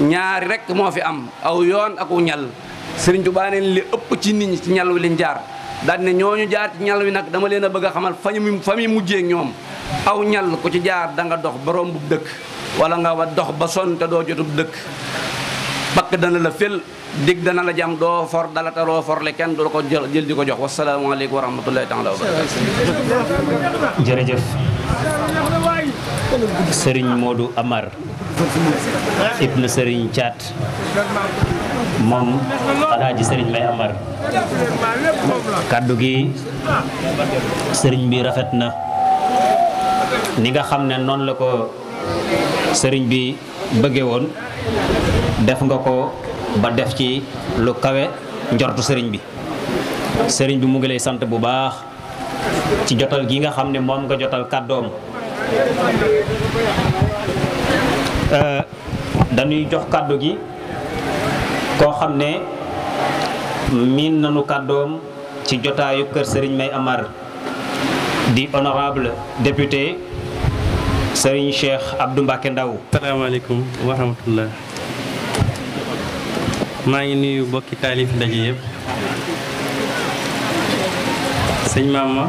ñaari rek mo fi am aw yoon aku ñal serigne touba ne li upp ci nit ñi ci ñal wi leen jaar dal ne ñoñu jaar ci ñal wi nak dama leena bëgg xamal fañu fami mujjee ñom aw ñal ku ci jaar da nga dox borom bu dekk wala nga wa dox ba son te doo jotub dëkk bakk dana la fel dig dana la jam do for dala ta ro for le ken do ko jël diko jox wassalamu alaykum wa rahmatullahi ta'ala wa barakatuh jere jef serigne modou amar ibnu sëriñ caat moom alaaji sëriñ May Amar kàddu gi sëriñ bi rafet na ni nga xam ne noon la ko sëriñ bi bëgge woon def nga ko ba def ci lu kawe njortu sëriñ bi sëriñ bi mu ngi lay sant bu baax ci jotal gi nga xam ne moom nga jotal kàddoom Euh, dañuy jox kàddu gi koo xam ne miin nañu kàddoom ci jotaayu kër sëriñ May Amar di honorable député Serigne Cheikh Abdou Mbacke Ndaw salaamaaleykum wa rahmatullah maa ngi nuyu bokki taalif ndaje yëpp sëñ maama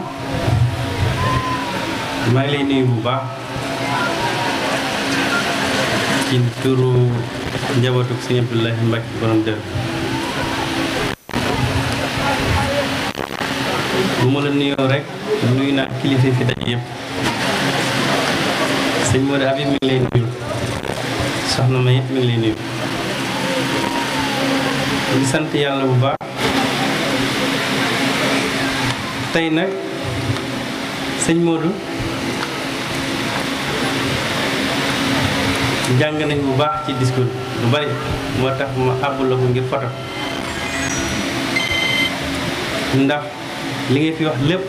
maa ngi lay nuyu bu baax ci turu njabootu Sëñ Abdoulaye Mbacke borom dër bu ma la nuyoo rek nuyu naa kilifa fi daje yëpp sëñ Modou Habib mi ngi lay soxna ma yëpp mi ngi lay sant yàlla bu baax tey nag sëñ Modou jang nañ bu baax ci discours bu bari moo tax ma àbbul la ko ngir foto ndax li ngay fi wax lepp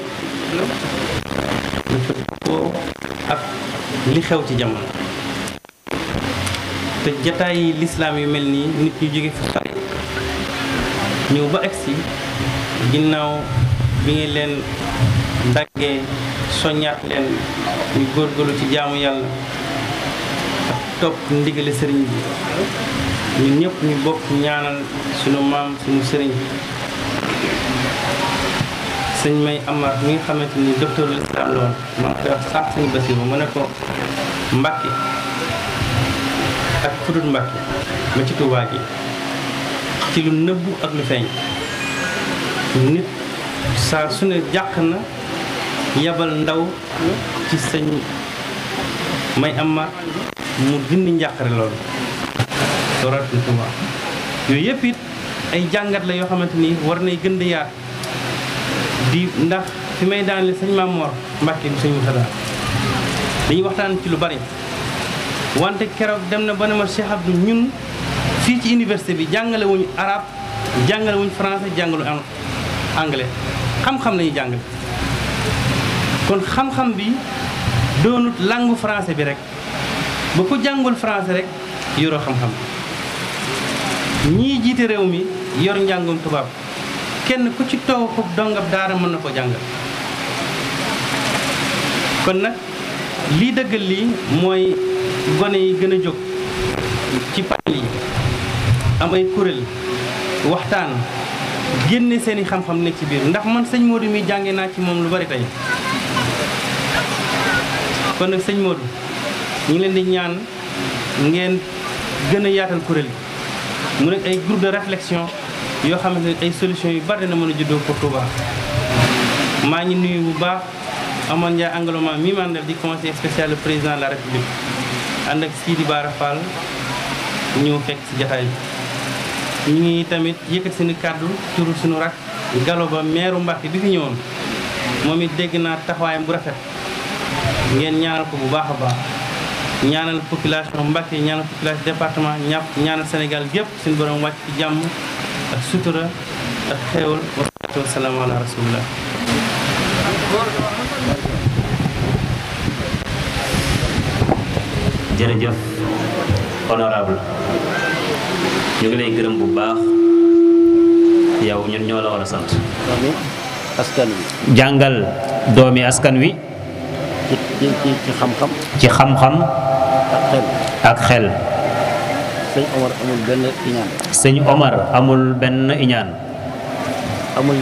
dafa ko ak li xew ci jamono te jotaay l'islam yu melni nit yu jóge fi xari ñëw ba exi ginnaw bi nga len dagge soñat len ñu gorgolu ci jaamu yalla topp ndigali sëriñ bi ñun ñëpp ñu bokk ñaanal sunu maam sunu sëriñ sëñ may amar mi nga xamante ni docteur l' islam loon maa ngi koy wax sax sëñ ak fudut Mbàkke ba ci Tuubaa gi ci lu nëbbu ak lu feeñ nit saa su jàq na yabal ndaw ci sëñ may amar mu dindi njàqare loolu sooraat Tuuba yëpp it ay jàngat la yoo xamante ni war nay gën di yaat di ndax fi may daane sëñ Maam Mor Mbàkke bi sëñ dañuy waxtaan ci lu bari wante keroog dem na ba ne ma Cheikh Abdou ñun fii ci université bi jàngalewuñu wuñu arabe jàngale wuñu français jàngalu anglais xam-xam lañuy jàngale kon xam-xam bi doonut langue français bi rek ba ku jàngul français rek yoroo xam-xam ñii jiite réew mi yor njàngum tubaab kenn ku ci toog ko dongab daara mën na ko jàngal kon nag lii dëggal lii mooy gone yi gën a jóg ci panel yi am ay kuréel waxtaan génne seeni xam-xam nekk ci biir ndax man sëñ Modou mi jànge naa ci moom lu bari tey kon nag sëñ Modou ñu ngi leen di ñaan ngeen gën a yaatal kuréel yi mu nekk ay groupe de réflexion yoo xamante ne ay solution yu bari na mën a juddoo pour Touba maa ngi nuyu bu baax amoon Ndiaye Angloma mi di conseil spécial le président la république ànd ak Sidi Bara Fall ñu fekk ci jotaay bi ñu ngi tamit yëkkat seen kàddu turu suñu rak Gallo Ba meeru Mbàkke bi fi ñëwoon moom it dégg naa taxawaayam bu rafet ngeen ñaanal ko bu baax a baax ñaanal population Mbacké ñaanal population département ñapp ñaanal Sénégal yëpp suñu borom wàcc ci jàmm ak sutura ak xéewal wasalaatu wasalaamu ala rasulillah jërëjëf honorable bu baax yow ñun ñoo la war sant wi jàngal doomi askan wi ci xam-xam ci xam-xam ak xel sëñ Omar amul Ben iñaan sëñ Omar amul Ben iñaan amul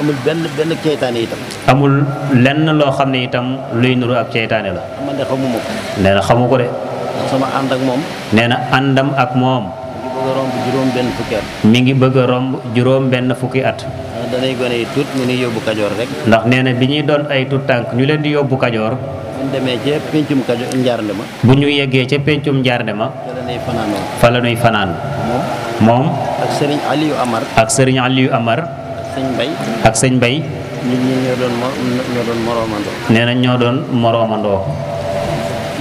amul Ben Ben ceytaane itam amul Len Lo xam ne itam luy nuru ak ceytaane la man de xamuma ko nee na xamu ko de sama Andam ak moom nee na àndam ak moom mi ngi bëgg a romb juróom Ben fukki at danay gone yi tuut ñu ni yóbbu kajoor rek ndax nee na doon ay tuut tànk ñu leen di yóbbu kajoor demee ca pencum kajo ma bu ñu yeggee ca pencum njaarndema fa la nuy fanaanoo fa la nuy fanaan moom ak sëriñ Aliou Amar ak sëriñ Aliou Amar ak sëñ Mbay ak sëñ Mbay nee na ñoo doon moroomandoo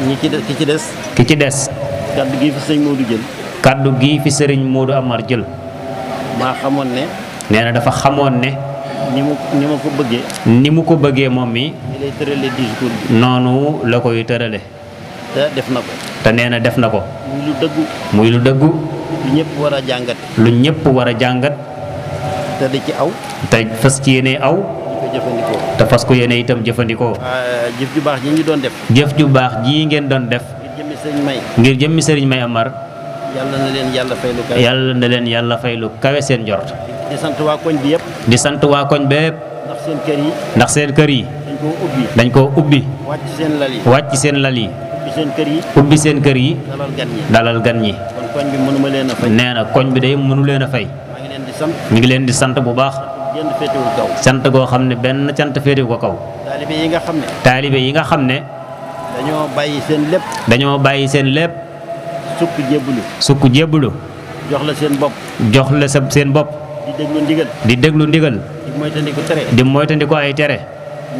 ñi ci des ki ci des ki ci des kaddu gi fi sëñ Modou jël kaddu gi fi sëriñ Modou Amar jël maa xamoon ne nee na dafa xamoon ne ni mu ni ma ko bëggee. ni mu ko bëggee moom mi. noonu la koy tërale te def na te nee na def na ko. muy lu dëggu. muy lu dëggu. lu a jàngat. lu ñëpp war a jàngat. te ci aw. te fas ci yéene aw. te fas ko yéene itam jëfandikoo. Ah, jëf ju baax ji ñu doon def. jëf ju baax jii ngeen doon def. ngir jëmmi sëriñ May. ngir jëmmi Amar. yàlla na leen yàlla fay lu kawe. leen yàlla fay lu seen jort. di sant waa koñ bi yëpp. di sant waa koñ bi yëpp. ndax seen kër yi. ndax seen kër yi. dañ koo ubbi. dañ wàcc seen lal yi. ubbi seen kër yi. ubbi seen kër yi. dalal gan ñi. dalal koñ bi nee na koñ bi day mënu leen a fay. maa ngi leen di sant. leen di sant bu baax. sant koo xam ne benn cant féetewu ko kaw. taalibe yi nga xam ne. taalibe yi nga xam ne. dañoo bàyyi seen lépp. dañoo bàyyi seen lépp. sukk jébbulu. sukk seen bopp. jox seen bopp. di deglu ndigal di déglu ndigal di moytandiku tere di moytandiku ay tere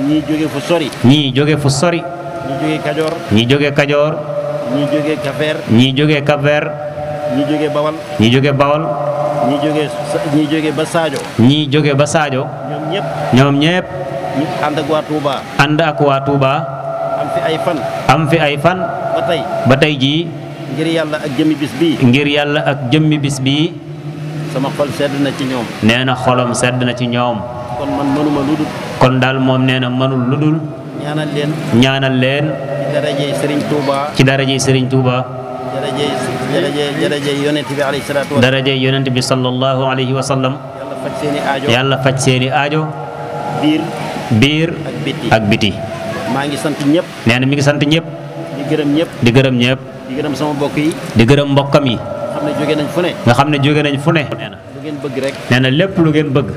ñi jóge fu sori ñi joggé fu sori ñi joggé kajoor ñi ñi joggé kaver ñi jóge kaver ñi bawal ñi joggé bawal ñi joggé ñi joggé ba saajo ñi joggé ba saajo ñoom ñëpp ñoom ñëpp ñi ak wa touba and ak wa touba am fi ay fan am fi ay fan batay batay ji ngir yalla ak jëmmi bis bi ngir yalla ak jëmmi bis bi sama xol sedd na ci ñoom neena xolam sedd na ci ñoom kon man mënuma luddul kon dal mom neena na mënul ludul ñaanal leen ñaanal leen ci daraje serigne touba ci daraje serigne touba daraje daraje daraje yonnati bi alayhi salatu wa daraje yonnati bi sallallahu alayhi wa sallam yalla fajj seeni aajo yalla fajj seeni aajo bir bir ak biti ak biti maa ngi sant ñep neena mi ngi sant ñep di gërëm ñep di gërëm ñep di gërëm sama mbokk yi di gërëm mbokkam yi xam ne jóge nga xam ne jóge nañ fu ne. nee na bëgg rek. nee na lépp lu ngeen bëgg.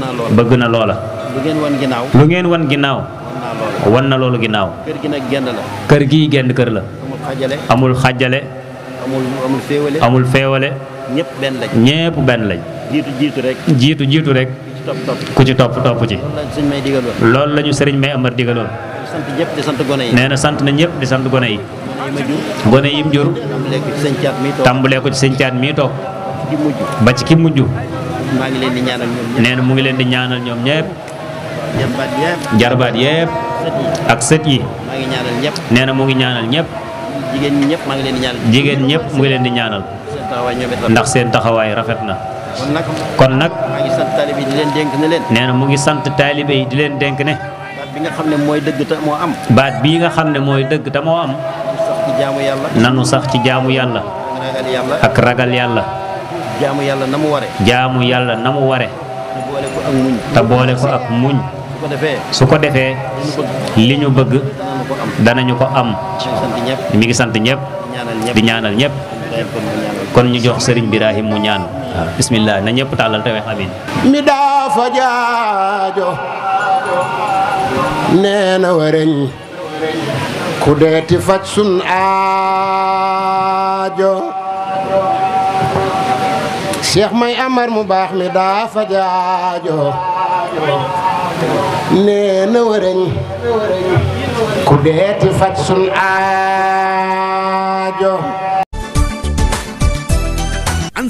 bëgg bëgg na loola. lu ngeen wan ginnaaw. lu wan ginnaaw. wan na loolu ginnaaw. kër gi nag la. kër gii genn kër la. amul xajale. amul xajale. amul amul ñëpp benn lañ. benn lañ. jiitu jiitu rek. jiitu jiitu rek. ku ci topp topp ci. loolu la ñu sëriñ may amar digaloon. nee na sant na ñëpp di sant gone yi. bone yim jur tambule ko ci seigne mi tok ba ci ki muju neena mu ngi len di ñaanal ñom ñepp jarbaat yépp ak set yi neena mu ngi ñaanal ñepp jigen ñepp ma ngi len di ñaanal jigéen ñëpp mu ngi leen di ñaanal ndax seen taxaway rafetna kon nak ma ngi sant talibé di leen neena mu ngi sant talibé di leen denk ne baat bi nga xamne moy deug ta mo am baat bi nga xamne moy deug ta mo am jaamu yàlla. nanu sax ci jaamu yàlla. ak ragal yàlla. jaamu yàlla na mu ware. jaamu yàlla na mu ware. te boole ko ak muñ. boole ko ak su ko defee. li ñu bëgg. danañu ko am. mi ngi sant ñëpp. di ñaanal ñëpp. kon ñu jox sëriñ Birahim mu ñaan. waaw bismillah na ñëpp tàllal te wax mi daa fa jaajo. nee na wareñ. ku deeti faj sun aajo Cheikh may amar mu baax mi daa faj aajo nee na wërëñ ku deeti faj sun aajo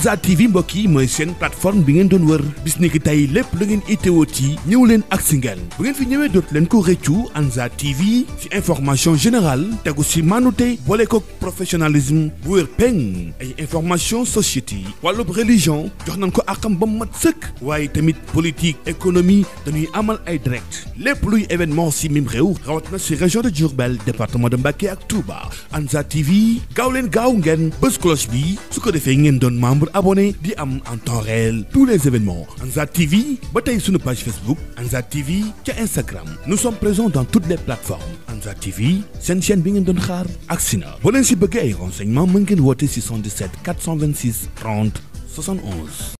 Lamza TV mbokk yi mooy seen plateforme bi ngeen doon wër bis ni ki tey lépp lu ngeen itteewoot yi ñëw leen ak si bu ngeen fi ñëwee dootu leen ko rëccu Anza TV ci information générale tegu si maanute boole ko professionnalisme bu wér peng ay information société wàllub religion jox nañ ko àqam ba mat sëkk waaye tamit politique économie dañuy amal ay direct lépp luy événement si mim réew rawat si région de Diourbel département de Mbacké ak Touba Anza TV gaaw leen gaaw ngeen bés cloche bi su ko defee ngeen doon membre Abonnez-vous en temps réel tous les événements Anza TV bataille sur notre page Facebook Anza TV sur Instagram nous sommes présents dans toutes les plateformes Anza TV une chaîne bi ngeen doon xaar vous si renseignements vous pouvez voter 617 426 30 71